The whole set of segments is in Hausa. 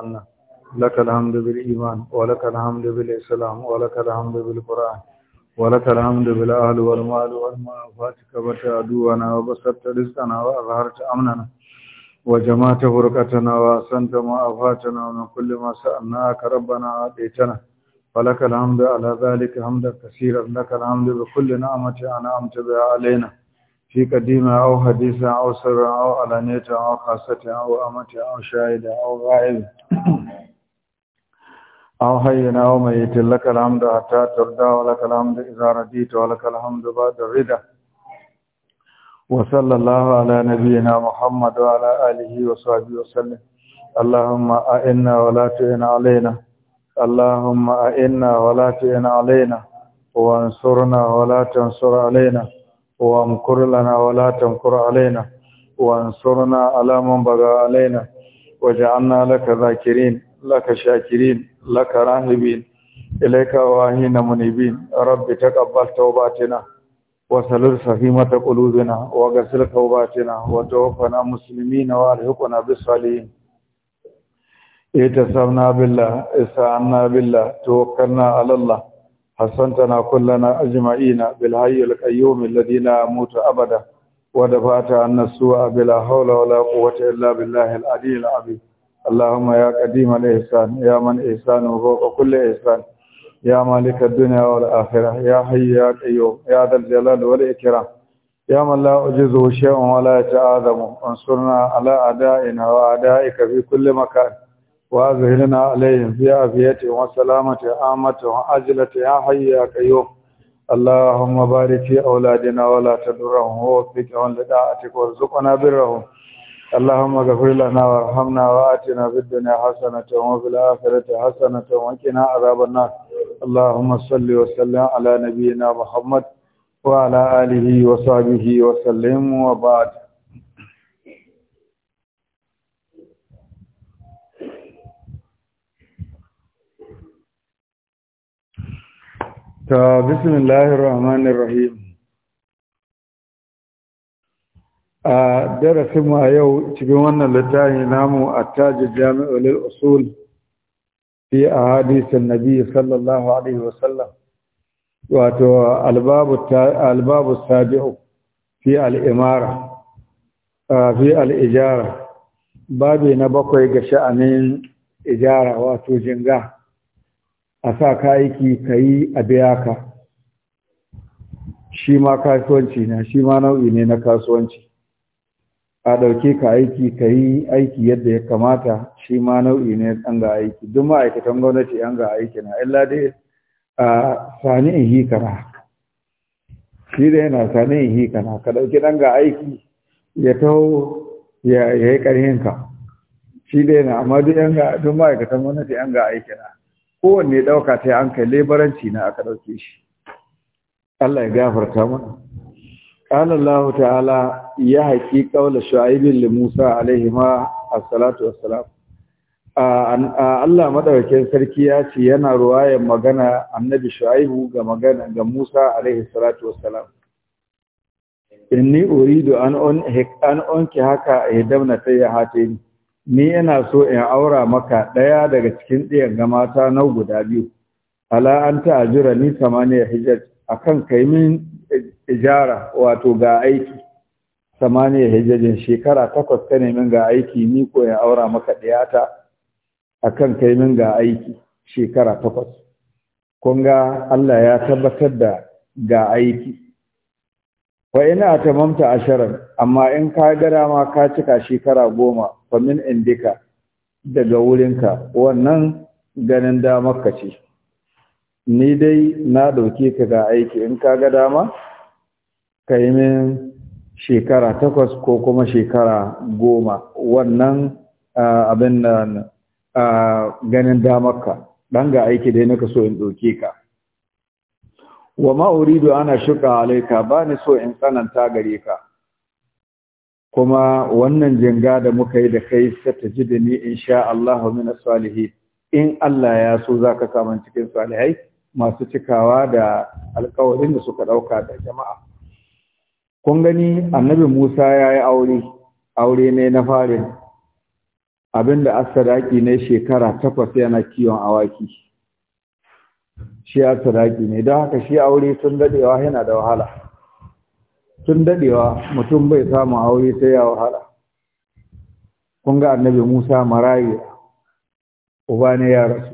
عنا لك الحمد بالإيمان ولك الحمد بالإسلام ولك الحمد بالقرآن ولك الحمد بالأهل والمال والمعافات كبت عدونا وبسطت رزقنا وأظهرت أمننا وجمعت فرقتنا وأحسنت معافاتنا ومن كل ما سألناك ربنا أعطيتنا ولك الحمد على ذلك حمدا كثيرا لك الحمد بكل نعمة أنعمت بها علينا في قديمة أو حديثة أو سرعة أو علانية أو خاصة أو أمتة أو شاهدة أو غائب أو حينا أو ميت لك الحمد حتى ترضى ولك الحمد إذا رديت ولك الحمد بعد الرضا وصلى الله على نبينا محمد وعلى آله وصحبه وسلم اللهم أئنا ولا تئن علينا اللهم أئنا ولا تئن علينا وانصرنا ولا تنصر علينا وامكر لنا ولا تنكر علينا وانصرنا على من بغى علينا وجعلنا لك ذاكرين لك شاكرين لك راهبين إليك واهين منيبين رب تقبل توباتنا وسلل سخيمة قلوبنا وغسل توباتنا وتوفنا مسلمين والحقنا بالصالحين اتصلنا بالله استعنا بالله توكلنا على الله حسنتنا كلنا أجمعين بالحي القيوم الذي لا موت أبدا ودفعت عنا السوء بلا حول ولا قوة إلا بالله العلي العظيم اللهم يا قديم الإحسان يا من إحسانه فوق كل إحسان يا مالك الدنيا والآخرة يا حي يا قيوم يا ذا الجلال والإكرام يا من لا أجزه شيء ولا يتآذم انصرنا على أعدائنا وأعدائك في كل مكان وأذهلنا عليهم بأبيته وسلامته عامته وعجلته يا حي يا قيوم اللهم بارك في أولادنا ولا تدرهم ووفقهم لداعتك وارزقنا برهم اللهم اغفر لنا وارحمنا وآتنا في الدنيا حسنة وفي الآخرة حسنة وقنا عذاب النار اللهم صل وسلم على نبينا محمد وعلى آله وصحبه وسلم وبعد ta bismillahir rahmanir rahim a darasin mu a yau cikin wannan littafi namu attajid jami'u lil usul fi ahadith an-nabi sallallahu alaihi wa sallam. wato albabu albabu sabiu fi al-imara fi al-ijara babu na bakwai ga sha'anin ijara wato jinga a sa ka aiki ka yi a biya ka shi ma kasuwanci na shi ma nau'i ne na kasuwanci a ɗauke ka aiki ka yi aiki yadda ya kamata shi ma nau'i ne an ga aiki duk ma'aikatan gwamnati an ga aiki na illa dai a sani in hi kana shi da yana sani in hi kana ka ɗauki ɗan ga aiki ya taho ya yi ƙarhinka shi da yana amma duk ma'aikatan gwamnati an ga aiki na kowanne ɗauka ta yi an kai lebaranci na aka ɗauke shi Allah ya gafarta mana qala Allah ta'ala ya haƙi qaula sha'ibin da Musa alaihi ma a salatu was-salam Allah madaukakin sarki ya ce yana ruwayar magana annabi shu'aibu ga magana ga Musa alaihi salatu was-salam inni uridu an on hik an onki haka idamna tayyahatayn ni ina so in aura maka ɗaya daga cikin ɗiyan ga mata na guda biyu ala an jira ni samaniya hijaj akan kai min ijara wato ga aiki samaniya hijjajin shekara takwas ka nemin ga aiki ni ko in aura maka ɗiyata akan kai min ga aiki shekara takwas kun ga Allah ya tabbatar da ga aiki wa ina tamamta ashirin. amma in ka gada ma ka cika shekara goma famin indika daga wurinka wannan ganin damar ka ce ni dai na dauke ka ga aiki in ka ga dama ka yi min shekara takwas ko kuma shekara goma wannan abin da ganin damar ka ɗan ga aiki dai naka so in ɗauke ka wa ma'uridu ana shuka alaika ba ni so in tsananta gare ka kuma wannan jinga da muka yi da kai sata ji da ni in sha Allah min Salihi, in Allah ya so za ka samun cikin salihai masu cikawa da alkawarin da suka ɗauka da jama'a. Kun gani annabi Musa ya yi aure, aure ne na farin abinda asadaki ne shekara takwas yana kiwon awaki. Shi asadaki ne, don haka shi aure sun daɗewa yana da wahala. tun daɗewa mutum bai samu aure sai ya wahala kun ga annabi Musa marayi uba ne ya rasu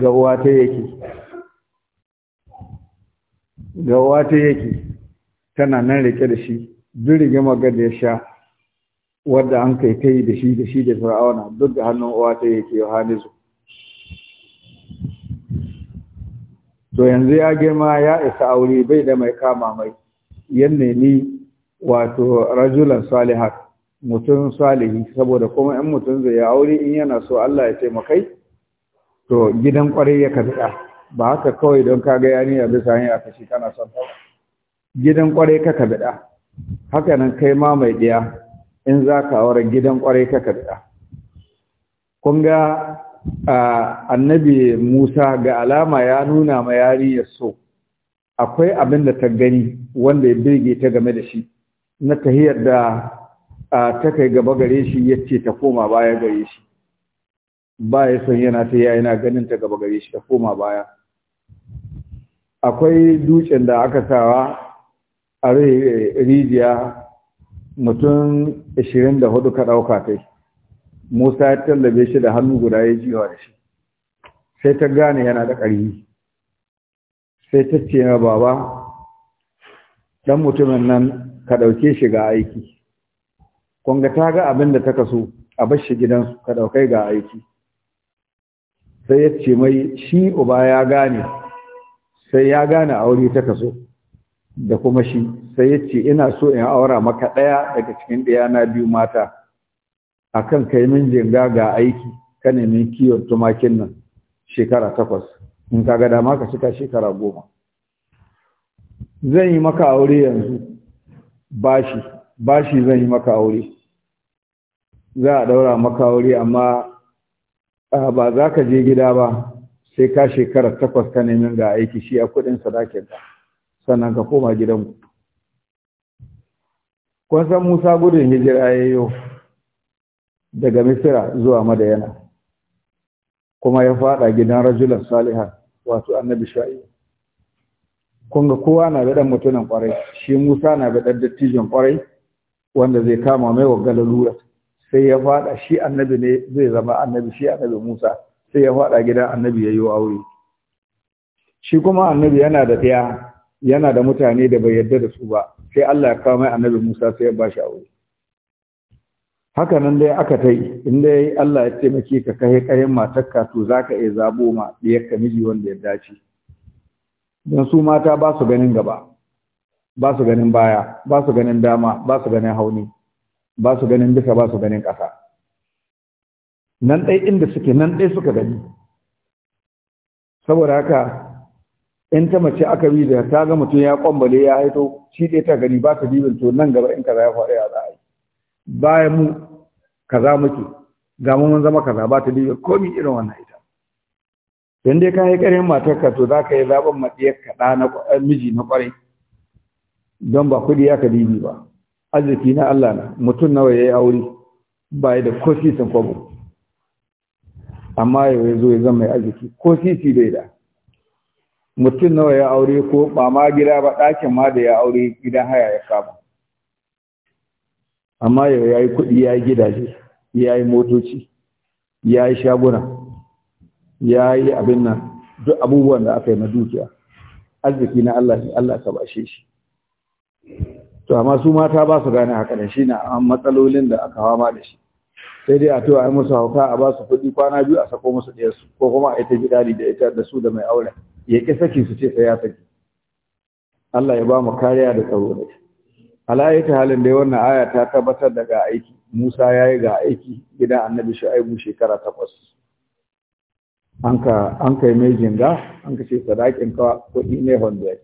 ga yake ga yake tana nan rike da shi duk rigima ga da ya sha wadda an kai ta yi da shi da shi da fir'auna duk da hannun uwa ta yake yohanisu to yanzu ya girma ya isa aure bai da mai kama mai yan nemi wato rajulan saliha mutum salihi saboda kuma 'yan mutum zai yi aure in yana so Allah ya taimakai to gidan kwarai ya kabiɗa ba haka kawai don ka ga yaniya bisa hanyar a shi kana son ta gidan kwarai ka kabiɗa haka nan kai ma mai ɗiya in za ka aure gidan kwarai ka kabiɗa kun ga annabi musa ga alama ya nuna ma ya so akwai abin da ta gani wanda ya birge ta game da shi na tahiyar da ta kai gaba gare shi ya ce ta koma baya gare shi ba ya son yana ta yaya yana ganin ta gaba gare shi ta koma baya akwai dutsen da aka sawa a rijiya mutum 24 ka ɗauka ta yi. musa ya tallabe shi da hannu guda ya jiwa da shi sai ta gane yana da ƙarfi sai ta ce na baba dan mutumin nan ka ɗauke shi ga aiki kunga ta ga abin da ta kaso a bar shi gidansu ka ɗaukai ga aiki sai ya ce mai shi uba ya gane sai ya gane aure ta kaso da kuma shi sai ya ce ina so in aura maka ɗaya daga cikin ɗaya na biyu mata akan kai min jinga ga aiki ka nemi kiwon tumakin nan shekara takwas in ka ga dama ka cika shekara goma zan yi maka aure yanzu bashi bashi zan yi maka aure za a daura maka aure amma ba za ka je gida ba sai ka shekara takwas ka nemi ga aiki shi a kudin sadakin ka sannan ka koma ku kun san musa gudun hijira ya yi daga misira zuwa madayana kuma ya fada gidan rajulan salihan wato annabi sha'ibu Kunga kowa na da mutumin kwarai shi Musa na da dattijon kwarai wanda zai kama mai wa lura sai ya fada shi annabi ne zai zama annabi shi annabi Musa sai ya fada gidan annabi yayi aure shi kuma annabi yana da ɗaya yana da mutane da bai yarda da su ba sai Allah ya kawo mai annabi Musa sai ya bashi aure haka nan dai aka tai, yi inda ya Allah ya taimake ka kai kayan matakka to za ka iya zabo ma ka miji wanda ya dace don su mata ba su ganin gaba ba su ganin baya ba su ganin dama ba su ganin hauni ba su ganin duka ba su ganin ƙasa nan ɗai inda suke nan ɗai suka gani saboda haka in ta mace aka bi da ta ga mutum ya kwambale ya haito shi ɗai ta gani ba ta dibin to nan gaba in kaza ya faru ya za a yi bayan mu kaza muke ga mu mun zama kaza ba ta dibin komi irin wannan ita in dai ka yi ƙarin matarka to za ka yi zaɓen matsayarka ɗa na eh, miji na ƙwarai don ba kuɗi aka dibi ba arziki na Allah na mutum nawa ya yi aure ba da ko sisin kwabo amma yawai ya zo ya zama mai arziki ko sisi bai da mutum nawa ya aure ko ba ma gida ba ɗakin ma da ya aure gidan haya ya kama amma yawai ya yi kuɗi ya yi gidaje ya yi motoci ya yi shaguna ya yi abin nan duk abubuwan da aka yi na dukiya arziki na Allah ne Allah ka bashe shi to amma su mata ba su gane haka da shi na matsalolin da aka ma da shi sai dai a to ai musu hauka a ba su kuɗi kwana biyu a sako musu ɗaya su ko kuma a ita gidali da ita da su da mai aure ya ƙi saki su ce sai ya saki Allah ya ba mu kariya da tsaro da shi alayyata halin da wannan aya ta tabbatar daga aiki Musa ya yi ga aiki gidan Annabi Shu'aibu shekara takwas an ka yi mai jinga an ka ce sadakin ka kuɗi ne hundred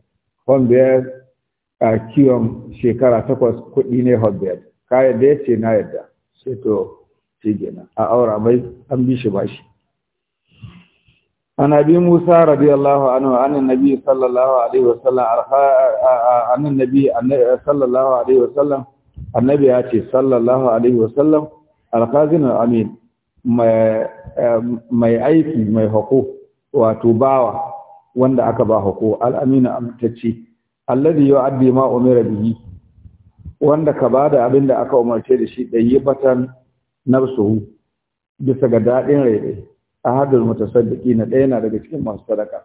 hundred a kiwon shekara takwas kuɗi ne hundred ka yadda ya ce na yadda sai to shi gina a aura mai an bi shi bashi عن bi musa radiyallahu anhu anan nabi sallallahu alaihi wasallam anan nabi sallallahu alaihi wasallam annabi ya ce sallallahu alaihi wasallam alqazin amin Eh, mai aiki mai hako wato bawa wanda aka ba hako al’amina amintacce alladhi yu'addi ma umira bihi wanda ka ba da abin da aka umarce da shi yi batan nafsuhu bisa ga dadin rai A ahadul mutasaddiki na ɗaya na daga cikin masu sadaka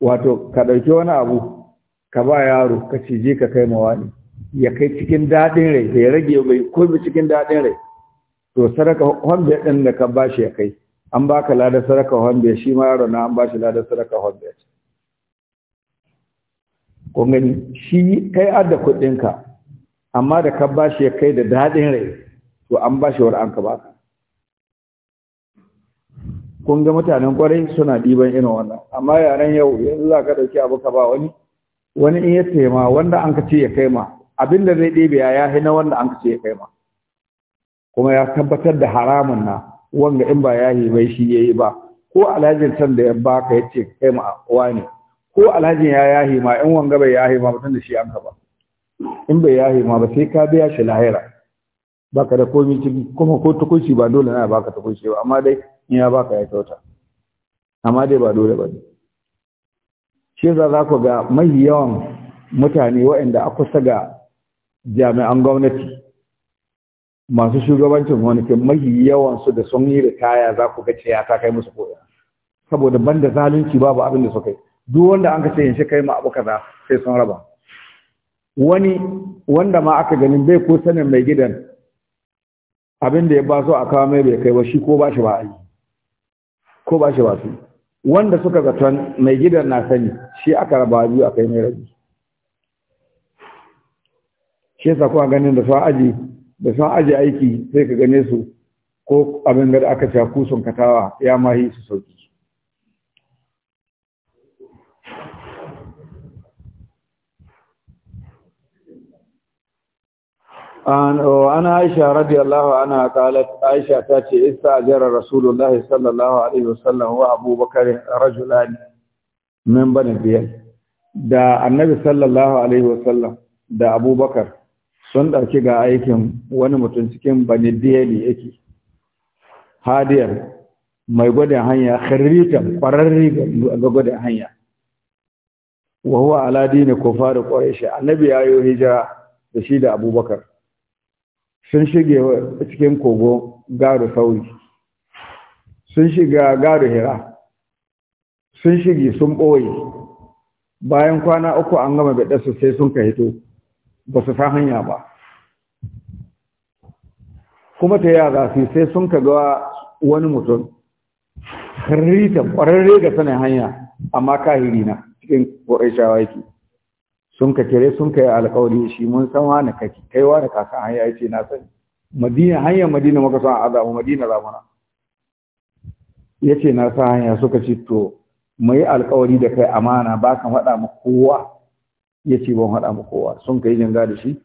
wato ka ɗauki wani abu ka ba yaro ka cije ka kai mawani ya kai cikin daɗin rai ya rage bai ko cikin daɗin rai to sadaka hombe din da ka bashi ya kai an baka ladar sadaka hombe shi ma yaro na an bashi ladar sadaka hombe ko gani shi kai adda kuɗin ka amma da ka bashi ya kai da daɗin rai to an bashi war an ka baka kun ga mutanen kwarai suna diban irin wannan amma yaren yau yanzu za ka dauki abu ka ba wani wani in ya tema wanda an ka ce ya kai ma abinda zai ɗebe ya yahi na wanda an ka ce ya kai ma kuma ya tabbatar da haramun na wanga in ba yahi bai shi yayi ba ko alhajin can da ya baka yace kai ma wani ko alhajin ya yahi ma in wanga bai yahi ma mutum da shi an ka ba in bai yahi ma ba sai ka biya shi lahira baka da komai ciki kuma ko tukunci ba dole na baka tukunci ba amma dai in ya baka ya kyauta amma dai ba dole ba ne shi za za ku ga mai yawan mutane waɗanda a kusa ga jami'an gwamnati masu shugabancin gonakin mahi yawansu da sun yi kaya za ku ga ya ta kai musu koya saboda ban da zalunci babu abin da suka yi duk wanda an ka ce shi kai ma abu kaza sai sun raba wani wanda ma aka ganin bai ko sanin mai gidan abin da ya ba su a kawo mai bai kai ba shi ko ba shi ba a ko ba shi ba su wanda suka zaton mai gidan na sani shi aka raba biyu a kai mai rabi shi yasa kuma ganin da su aji da sun aji aiki sai ka gane su ko abin da aka ce kusun katawa ya mahi su sauki an aisha radiyallahu anha qalat aisha ta ce istajara rasulullah sallallahu alaihi wasallam wa abubakar rajulan min bani biyal da annabi sallallahu alaihi wasallam da abubakar sun ɗauki ga aikin wani mutum cikin bani diyali yake hadiyar mai gwada hanya kharritan kwararri ga gwada hanya wa huwa ala dini kufar quraish annabi yayo hijira da shi da abubakar sun shige cikin kogo garu sauri sun shiga garu hira sun shige sun boye bayan kwana uku an gama bada su sai sun ka hito ba su san hanya ba kuma ta yi azafi sai sun ka ga wani mutum ta ƙwararre ga sanin hanya amma kahiri na cikin ƙwarishawa yake sun ka kere sun ka yi alƙawari, shi mun san wani kake kaiwa da kasa hanya ya ce na sani madina hanyar madina muka san azabu madina zamana ya ce na sa hanya suka ce to mai alƙawari da kai amana ba ka faɗa ma kowa ya ce ban haɗa mu kowa sun kai janga da shi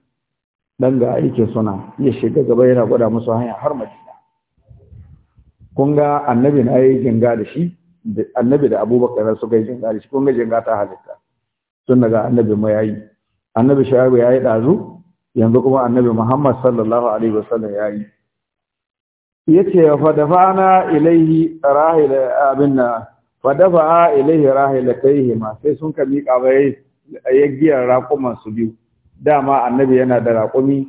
dan ga aikin suna ya shiga gaba yana gwada musu hanya har madina kun ga annabi na yi janga da shi annabi da abubakar su yi janga da shi kun ga janga ta halitta sun daga annabi ma yayi annabi ya yayi dazu yanzu kuma annabi muhammad sallallahu alaihi wasallam yayi yace fa fadafana ilaihi rahila abinna fa dafa'a ilaihi rahilatayhi ma sai sun ka miƙa bai yaggiyar raƙuman su biyu dama annabi yana da raƙumi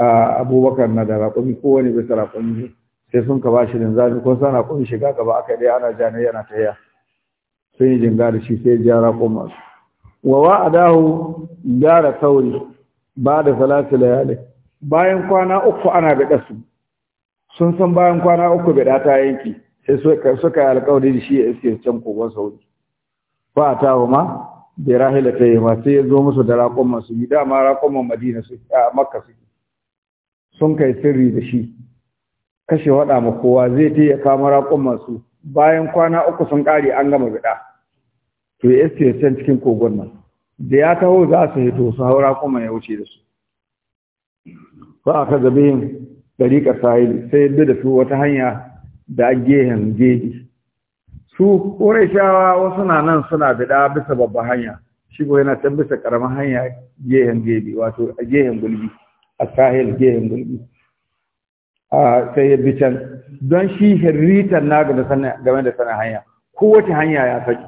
abubakar na da raƙumi kowane bisa raƙumi sai sun ka bashi zafi kun san raƙumi shiga gaba aka dai ana jana yana yaya. sun yi jinga da shi sai ja raƙuman su wa wa'adahu gara sauri ba da salatu layali bayan kwana uku ana biɗa su sun san bayan kwana uku biɗa ta yanki sai suka yi alƙawari da shi ya iske can kogon sauri ba ta ma da rahila ta yi sai ya zo musu da raƙon masu yi dama raƙon madina su a makka su sun kai sirri da shi kashe waɗa ma kowa zai ta ya kama raƙon masu bayan kwana uku sun ƙare an gama biɗa to ya ce can cikin kogon nan da ya taho za su hito su haura kuma ya wuce da su ba a ka zabe yin ɗariƙar sahili sai yadda da su wata hanya da gehen gedi su shawa wasu na nan suna bida bisa babba hanya shi ko yana can bisa ƙaramin hanya gehen gebe wato a gehen gulbi a sahel gehen gulbi a sai ya bican don shi hirritan na game da sana hanya kowace hanya ya saki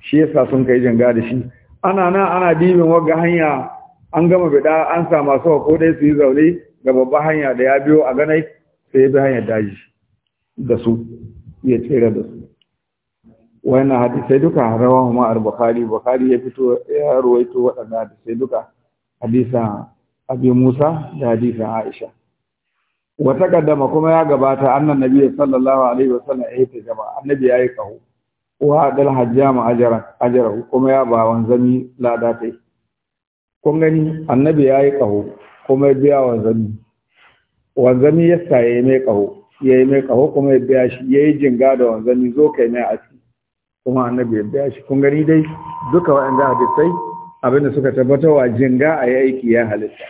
shi yasa sun kai janga da shi ana nan ana dibin wagga hanya an gama bida an sa masu hako dai su yi zaune ga babba hanya da ya biyo a ganai sai ya bi hanyar daji da su ya tsira da su wannan hadisai duka rawahu ma al-bukhari bukhari ya fito ya ruwaito wadannan hadisai duka hadisa abi musa da hadisa aisha wa taqaddama kuma ya gabata annan nabi sallallahu alaihi wa sallam, ya yi jama'a annabi ya yi kaho wa dal hajjama ajara ajara kuma ya ba wanzami lada tai kun gani annabi ya yi kaho kuma ya biya wanzami wanzami ya saye mai kaho ya yi mai kaho kuma ya biya shi ya yi jinga da wanzanni zo kai a aski kuma annabi ya biya shi kun gani dai duka waɗanda hadisai abinda suka tabbatarwa wa jinga a yi aiki ya halitta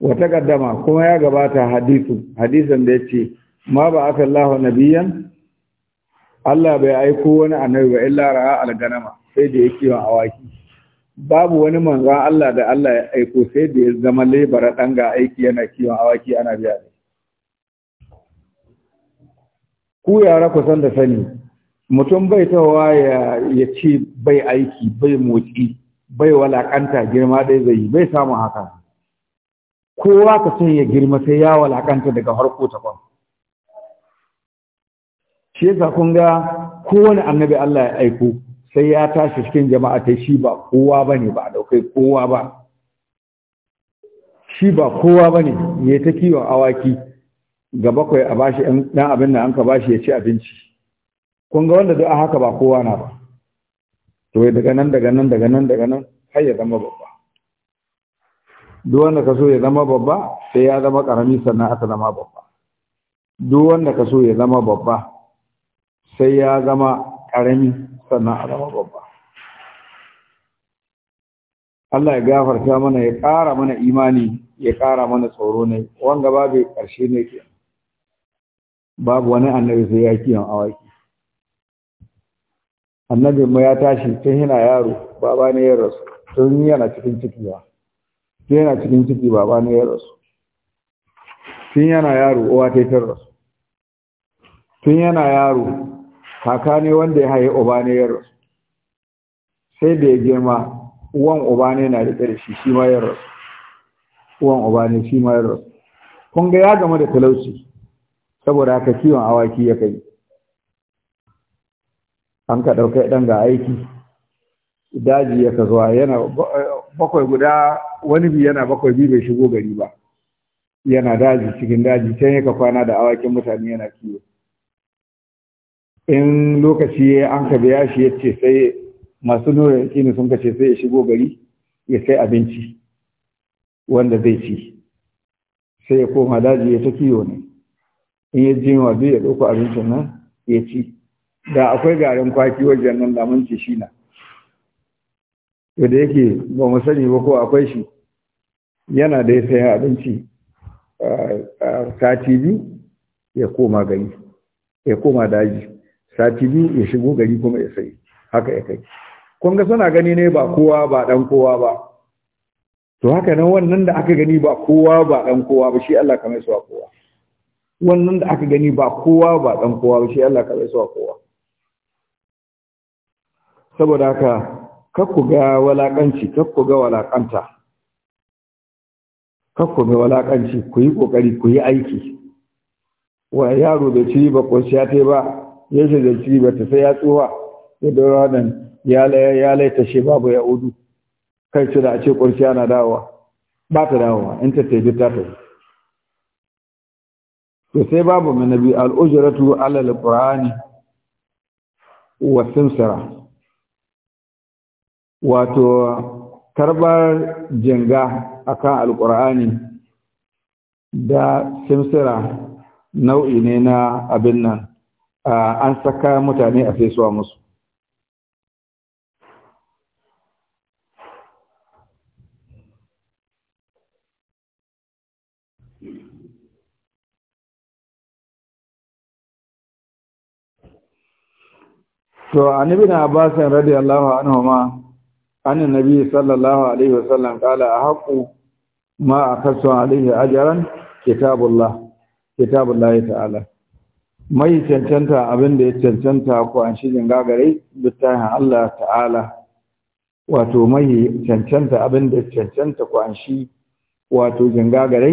wata kaddama kuma ya gabata hadisu hadisan da ya ce ma ba aka na nabiyan Allah bai aiko wani annabi ba illa ra'a alganama sai da ya wa awaki babu wani manzon Allah da Allah ya aiko sai da ya zama lebara ɗan ga aiki yana kiwon awaki ana biya ku yara ku san da sani mutum bai tawa ya ce bai aiki bai motsi bai walakanta girma ɗaya zai yi bai samu haka kowa ka san ya girma sai ya walakanta daga harko ta kwan shi yasa kun ga kowane annabi Allah ya aiko sai ya tashi cikin jama'a ta shi ba kowa ba ne ba a kowa ba shi ba kowa ba ne ya ta kiwon awaki ga bakwai a bashi ɗan abin da an ka bashi ya ci abinci kun ga wanda a haka ba kowa na ba to daga nan daga nan daga nan daga nan har ya zama babba duk wanda ka so ya zama babba sai ya zama karami sannan aka zama babba duk wanda ka so ya zama babba sai ya zama karami sannan a zama babba Allah ya gafarta mana ya ƙara mana imani ya ƙara mana tsoro ne wanga babu ƙarshe ne kenan. babu wani annabi sai ya a awaki annabi mu ya tashi tun yana yaro baba ne ya rasu tun yana cikin ciki ba tun yana cikin ciki baba ne ya rasu tun yana yaro uwa ta rasu tun yana yaro kaka ne wanda ya haye uba ne ya rasu sai da ya girma uwan uba ne na riƙe da shi shi ma ya rasu uwan uba ne shi ma ya rasu kun ga ya gama da talauci saboda haka kiwon awaki ya kai an ka ɗaukai ɗan ga aiki daji ya ka zuwa yana bakwai guda wani bi yana bakwai bi bai shigo gari ba yana daji cikin daji can ya ka kwana da awakin mutane yana kiwo in lokaci an ka biya shi ya ce sai masu nuna kini sun kace sai ya shigo gari ya kai abinci wanda zai ci sai ya koma daji ya ta kiwo ne in ya ji wa ya ɗauko abincin nan ya ci da akwai garin kwaki wajen nan da mun ci shi na to da yake ba mu sani ba ko akwai shi yana da ya saya abinci sati biyu ya koma gari ya koma daji sati biyu ya shigo gari kuma ya sayi. haka ya kai kun ga suna gani ne ba kowa ba dan kowa ba to haka nan wannan da aka gani ba kowa ba dan kowa ba shi Allah kamar su kowa wannan da aka gani ba kowa ba dan kowa ba shi Allah ka bai kowa saboda haka kakku ga ka ku ga walaƙanta kakku ga walaƙanci ku yi ƙoƙari ku yi aiki wa yaro da ci ba ko ya ta ba ya ce da ci ba ta sai ya tsuwa ya dora nan ya ta shi babu ya udu kai ce da a ce kurciya na dawowa ba ta dawowa in ta taidu ta to sai babu mai nabi al'ujiratu alal qur'ani wa simsira wato karbar jinga akan alqur'ani da simsira nau'i ne na abin nan an saka mutane a fesuwa musu to annabi na abbas radiyallahu anhu ma annan nabi sallallahu alaihi wasallam kala ahqu ma akasu alaihi ajran kitabullah kitabullah ta'ala mai cancanta abin da ya cancanta ko an shi jinga gare littafin Allah ta'ala wato mai cancanta abin da ya cancanta ko an shi wato jinga gare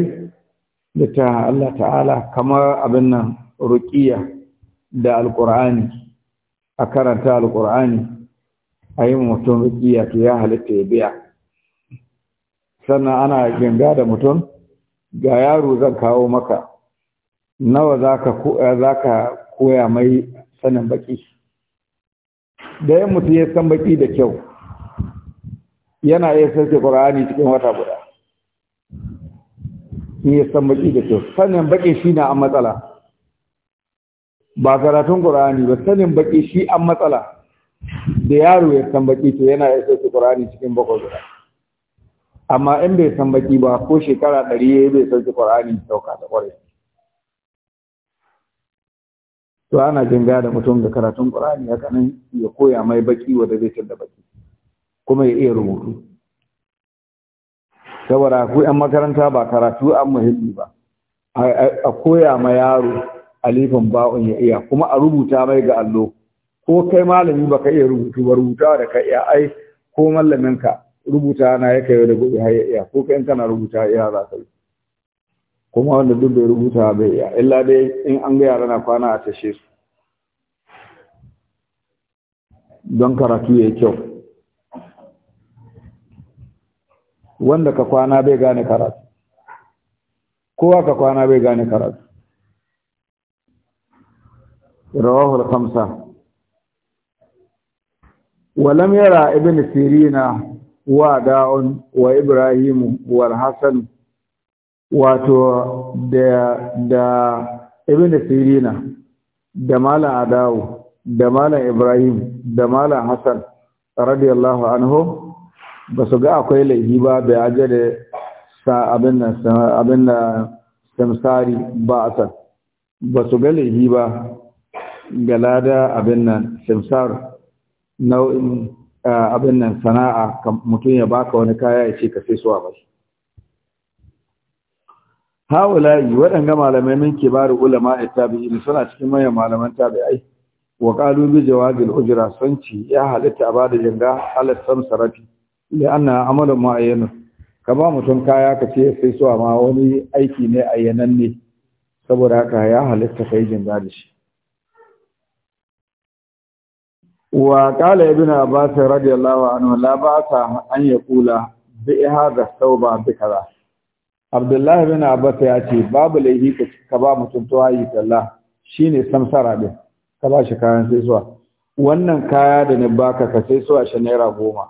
littafin Allah ta'ala kamar abin nan ruqiya da alqur'ani a karanta alƙur'ani a yi mutum rukiya ta ya halitta ya biya sannan ana ganga da mutum ga yaro zan kawo maka nawa za ka eh, koya mai sanin baki da yin mutum ya san baki da kyau yana iya sarki ƙura'ani cikin wata guda in ya san baki da kyau sanin baki shi na a matsala ba karatun qur'ani ba sanin baƙi shi an matsala da yaro ya san baƙi to yana ya su qur'ani cikin bakwai guda amma in bai san baƙi ba ko shekara ɗari ya yi bai sauke qur'ani sauka da ƙwarai to ana jin da mutum da karatun qur'ani haka nan ya koya mai baƙi wanda zai da baƙi, kuma ya iya rubutu saboda ku 'yan makaranta ba karatu an muhimmi ba a koya ma yaro alifin ba'un ya iya kuma a rubuta mai ga allo ko kai malami ba ka iya rubutu ba rubutawa da ka iya ai ko mallamin ka rubuta na ya kai da gobe har ya iya ko kai kana rubuta iya za ka yi kuma wanda duk bai rubuta bai iya illa dai in an ga yara na kwana a tashe su don karatu ya yi kyau wanda ka kwana bai gane karatu kowa ka kwana bai gane karatu رواه الخمسة ولم يرى ابن سيرين وداء وإبراهيم والحسن wato da ibn sirina da malam adawu da malam ibrahim da malam hassan radiyallahu anhu ba su ga akwai laifi ba bai aje da sa abin da samsari ba a san ba su ga laifi ba Galada, abin nan simsar nau'in abin nan sana'a mutum ya baka wani kaya ya ce ka sai suwa haula yi waɗanga malamai min kibar ulama e tabi'in suna cikin manyan malaman tabi'ai wa qalu bi jawabil ujra sanci ya halitta a bada janga alat samsarati mu amalan mu'ayyan ka ba mutum kaya ka ce sai suwa ma wani aiki ne ayyanan ne saboda haka ya halitta kai janga da shi wa qala ibn abbas radiyallahu anhu la ba'sa an kula bi hadha thawba bi kaza abdullahi bin abbas ya ce babu laifi ka ba mutum tawayi kallah shine samsara din ka ba shi kayan sai zuwa wannan kaya da ni baka ka sai zuwa shi naira goma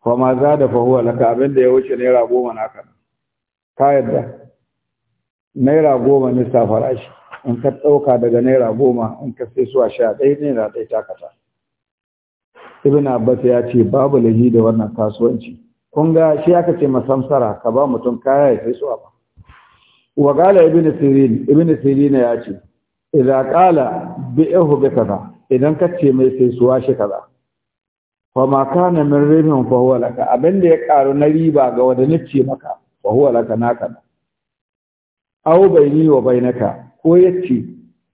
Kuma za da fa huwa laka abinda ya wuce naira goma naka ka yadda naira goma ne ta farashi in ka ɗauka daga naira goma in ka sai suwa sha ɗaya naira ɗaya takata ibn abbas ya ce babu lahi da wannan kasuwanci kun ga shi aka ce masamsara ka ba mutum kaya ya sai suwa ba wa qala ibn sirin ibn sirin ya ce idza qala ihu bi kaza idan ka ce mai sai suwa shi kaza fa ma kana min ribin fa huwa laka abinda ya karu na riba ga wanda nace maka fa huwa laka naka au ni wa bainaka ko yace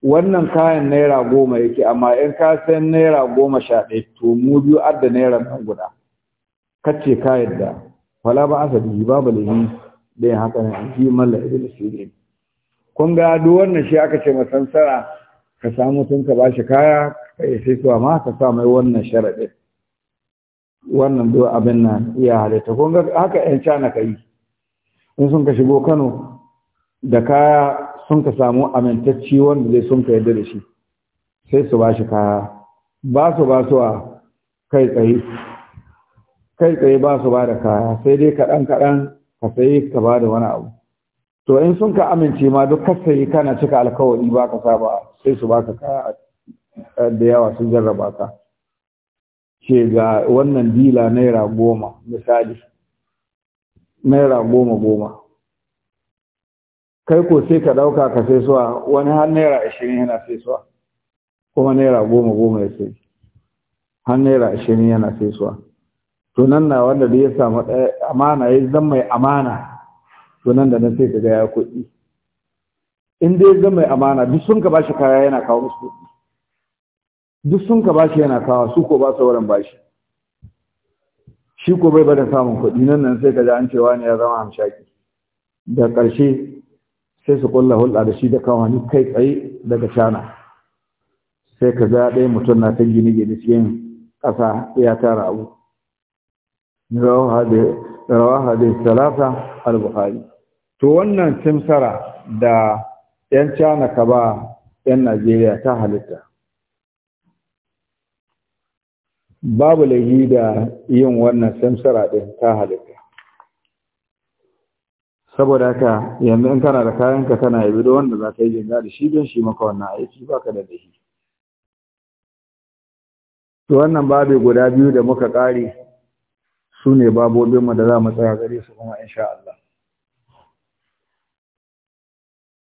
wannan kayan naira goma yake amma in ka san naira goma sha ɗaya to mu biyu da naira nan guda Ka ce ka yadda wala ba asa bihi babu lahi da yin haka nan shi malla ibn sirin kun ga duk wannan shi aka ce masansara ka samu tun ka bashi kaya ka yi sai su ma ka sa mai wannan sharaɗin wannan duk abin nan iya halitta kun ga haka yan cana ka yi in sun ka shigo kano da kaya sun ka samu amintacci wanda zai sun ka yarda da shi sai su ba shi kaya ba su ba su a kai tsaye kai tsaye ba su ba da kaya sai dai kaɗan kaɗan ka sayi ka ba da wani abu to in sun ka amince ma duk sayi kana cika alkawari ba ka saba sai su ba ka kaya da yawa sun jarraba ka ce ga wannan dila naira goma misali naira goma goma kai ko sai ka ɗauka ka sai suwa wani har naira ashirin yana sai suwa kuma naira goma goma ya sai har naira ashirin yana sai suwa to nan na wanda da ya samu amana ya zan mai amana to nan da nan sai ka ga ya kuɗi in dai zan mai amana duk sun ka bashi kaya yana kawo musu kuɗi duk sun ka bashi yana kawo su ko ba sauran bashi shi ko bai bada samun kuɗi nan nan sai ka ji an cewa ne ya zama hamshaki da ƙarshe sai su kulla hulɗa da shi da kawani kai tsaye daga shana sai ka za ɗaya mutum na ta gini gini cikin ƙasa ya tara abu rawa hadin salasa al-bukhari to wannan timsara da yan cana ka ba yan najeriya ta halitta babu laifi da yin wannan samsara ɗin ta halitta saboda haka yanzu in kana da kayanka kana yabi da wanda za ka yi jinga da shi don shi maka wannan aiki ba ka da dahi to wannan babu guda biyu da muka ƙare su ne babobinmu da za mu tsaya gare su kuma insha Allah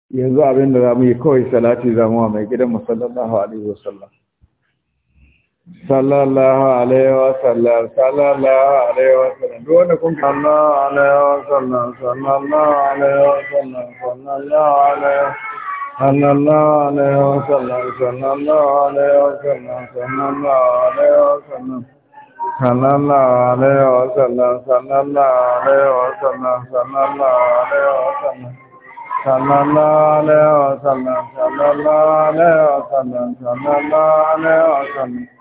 yanzu abin da za mu yi kawai salati za mu wa mai gidan musallallahu alaihi sallam. sallallahu alaihi wasallam sallallahu alaihi wasallam duk wanda kun ka sallallahu alaihi wasallam sallallahu alaihi wasallam sallallahu alaihi sallallahu alaihi wasallam sallallahu alaihi wasallam sallallahu alaihi wasallam sallallahu alaihi wasallam sallallahu alaihi wasallam sallallahu alaihi wasallam sallallahu alaihi wasallam sallallahu alaihi wasallam sallallahu alaihi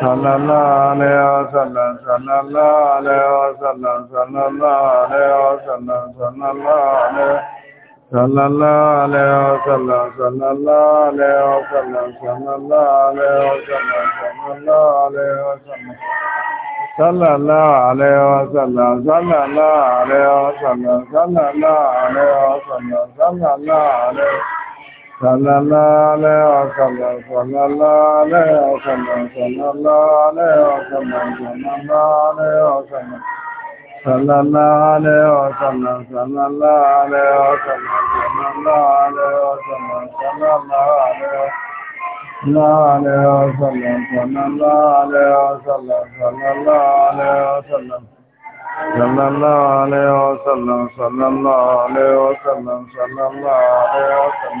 သန္နနာလေယသန္နသန္နနာလေယသန္နသန္နနာလေယသန္နသန္နနာလေသန္နနာလေယသန္နသန္နနာလေယသန္နသန္နနာလေယသန္နသန္နနာလေယသန္နသန္နနာလေယသန္နသန္နနာလေယသန္နသန္နနာလေယသန္နသန္နနာလေယသလလာလေအခမသလလာလေအခမသလလာလေအခမသလလာလေအခမသလလာလေအခမသလလာလေအခမသလလာလေအခမသလလာလေနာလေအခမသလလာလေအခမသလလာလေအခမသလလာလေအခမသလလာလေအခမသလလာလေအခမ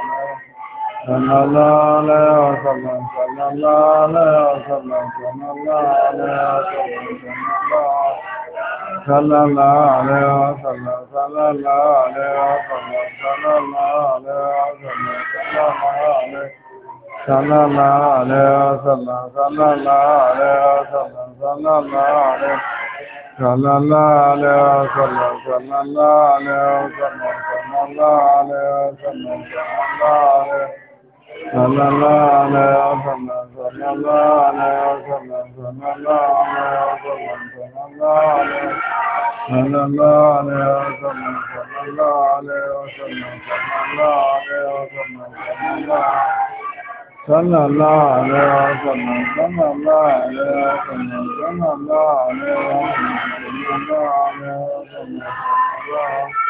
သမ္မာလာလယောသမ္မာလာလယောသမ္မာလာလယောသမ္မာလာလယောသမ္မာလာလယောသမ္မာလာလယောသမ္မာလာလယောသမ္မာလာလယောသမ္မာလာလယောသမ္မာလာလယောသမ္မာလာလယောသမ္မာလာလယောသမ္မာလာလယောသမ္မာလာလယောသမ္မာလာလယောသမ္မာနာသမ္မာသမ္မာနာသမ္မာသမ္မာနာသမ္မာသမ္မာနာသမ္မာနာသမ္မာသမ္မာနာသမ္မာသမ္မာနာသမ္မာသမ္မာသမ္မာနာသမ္မာသမ္မာနာသမ္မာသမ္မာနာသမ္မာသမ္မာနာသမ္မာသမ္မာနာ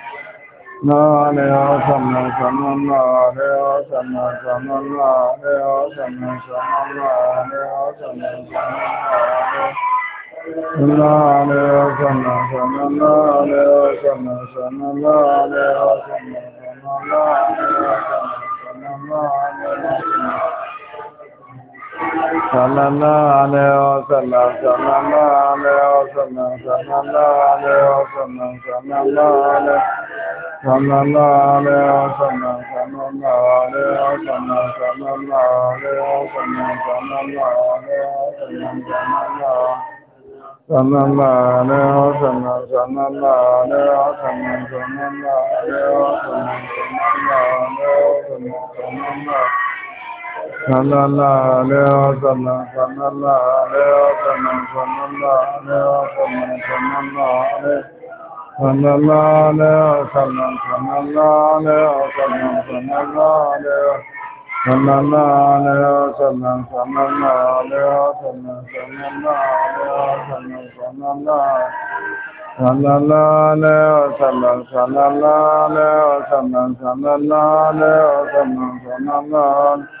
နာလေယောသမ္မာသမ္မာနာလေယောသမ္မာသမ္မာနာလေယောသမ္မာသမ္မာနာလေယောသမ္မာသမ္မာနာလေယောသမ္မာသမ္မာနာလေယောသမ္မာသမ္မာနာလေယောသမ္မာသမ္မာနာလေယောသမ္မာသမ္မာနာလေယောသမ္မာသမ္မာနာသမ္မာနာမေဩသမ္မာနာမေဩသမ္မာသမ္မာနာမေဩသမ္မာသမ္မာနာသမ္မာနာမေဩသမ္မာသမ္မာနာမေဩသမ္မာသမ္မာနာမေဩသမ္မာသမ္မာနာမေဩသမ္မာသမ္မာနာသမ္မာနေဟောသမ္မာသမ္မာနေဟောသမ္မာသမ္မာနေဟောသမ္မာသမ္မာနေဟောသမ္မာသမ္မာသမ္မာလာလေယောသမ္မာသမ္မာလေယောသမ္မာသမ္မာလေယောသမ္မာသမ္မာလေသမ္မာလာလေယောသမ္မာသမ္မာလေယောသမ္မာသမ္မာလေယောသမ္မာလာလေယောသမ္မာသမ္မာလေယောသမ္မာသမ္မာလေယောသမ္မာသမ္မာသမ္မာလာလေယောသမ္မာသမ္မာလေယောသမ္မာသမ္မာလေယောသမ္မာသမ္မာ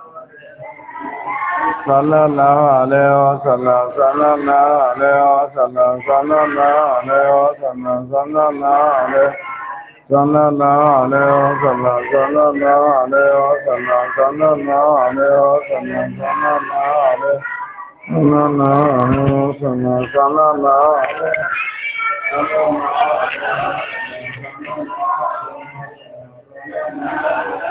sallallahu na wasallam sallallahu alaihi wasallam sallallahu alaihi wasallam sallallahu alaihi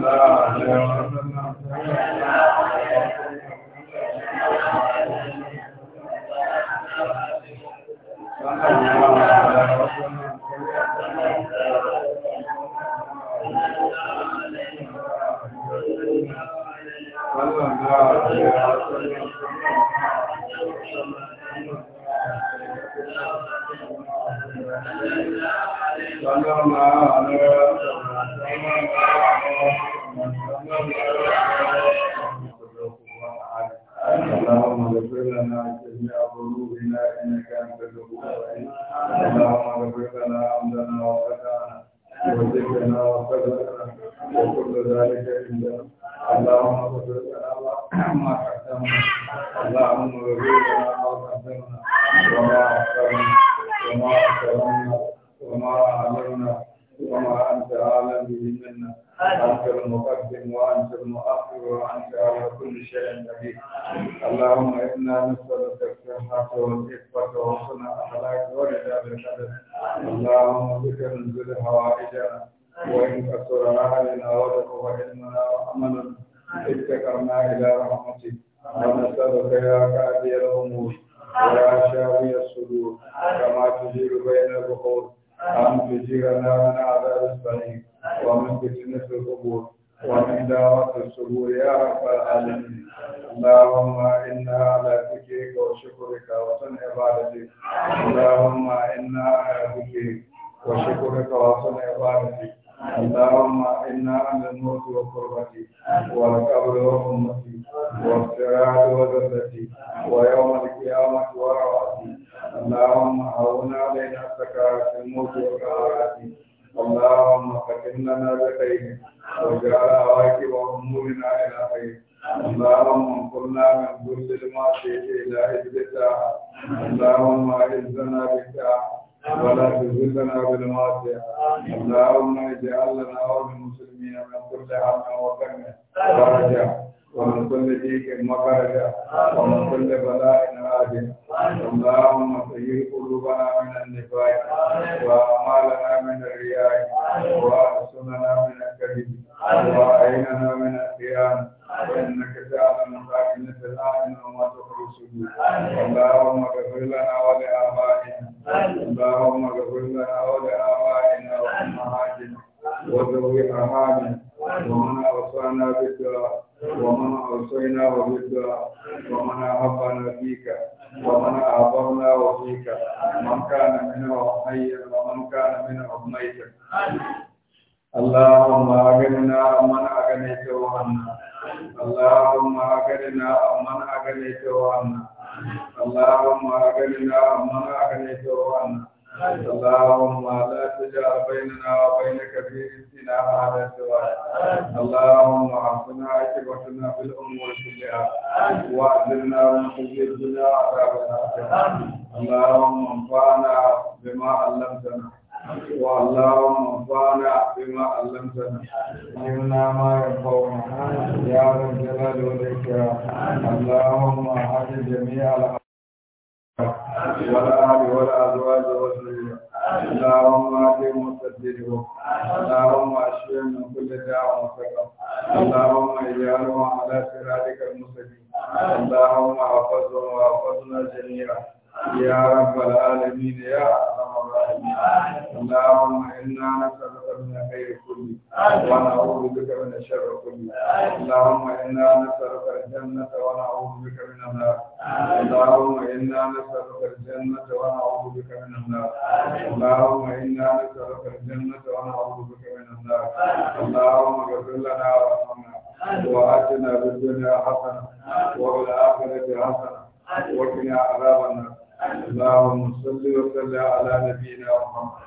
لا تنزل حوائجنا وإن كثر عملنا وتقوى علمنا وعملنا افتقرنا إلى رحمتك ونسألك يا كافي الأمور ويا شاوي الصدور كما تجير بين البحور أن تجيرنا من عذاب السنين ومن فتنة القبور ومن دعوة الصبور يا رب العالمين اللهم إنا على ذكرك وشكرك وحسن عبادتك اللهم إنا على ذكرك وشكرك وحسن عبادتك اللهم إنا عن الموت وقربتي والقبر وأمتي والصراط وذلتي ويوم القيامة ورعتي اللهم هون علينا سكرات الموت وكرامتي اللهم فكن لنا بخير واجعل عواقب أمورنا إلى خير اللهم انصرنا من كل المعصية إلى عزتها اللهم أعزنا بالساعة ولا تزلنا بالمعصية اللهم اجعل لنا وللمسلمين من كل هم وغم فرجا ومن كل ضيق مخرجا ومن كل بلاء عاجل اللهم طهر قلوبنا من النفاق واعمالنا من الرياء والسننا من الكذب واعيننا اللهم انفعنا بما علمتنا اللهم انفعنا بما علمتنا علمنا ما ينفعنا يا ذا الجلال والاكرام اللهم اهد جميع والاهل والازواج والذريه اللهم اهد مسددهم اللهم اشفهم من كل داء وسقم اللهم الجنة ونعوذ بك من النار اللهم إنا نسألك الجنة ونعوذ بك من النار اللهم إنا نسألك الجنة ونعوذ بك من النار اللهم اغفر لنا وارحمنا وآتنا في الدنيا حسنة وفي الآخرة حسنة وقنا عذاب النار اللهم صل وسلم على نبينا محمد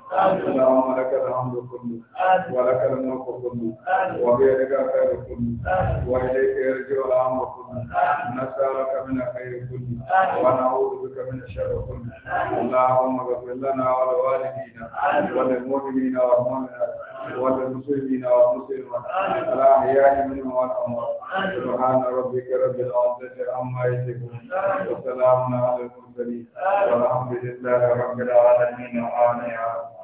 اللهم لك الحمد كله ولك الملك كله وبيدك الخير كله واليك يرجع الامر كله نسالك من الخير كله ونعوذ بك من الشر كله اللهم اغفر لنا ولوالدينا وللمؤمنين والمؤمنات والمسلمين والمسلمات الأحياء منهم والأموات سبحان ربك رب العزة عما يصفون وسلام على المرسلين والحمد لله رب العالمين آمين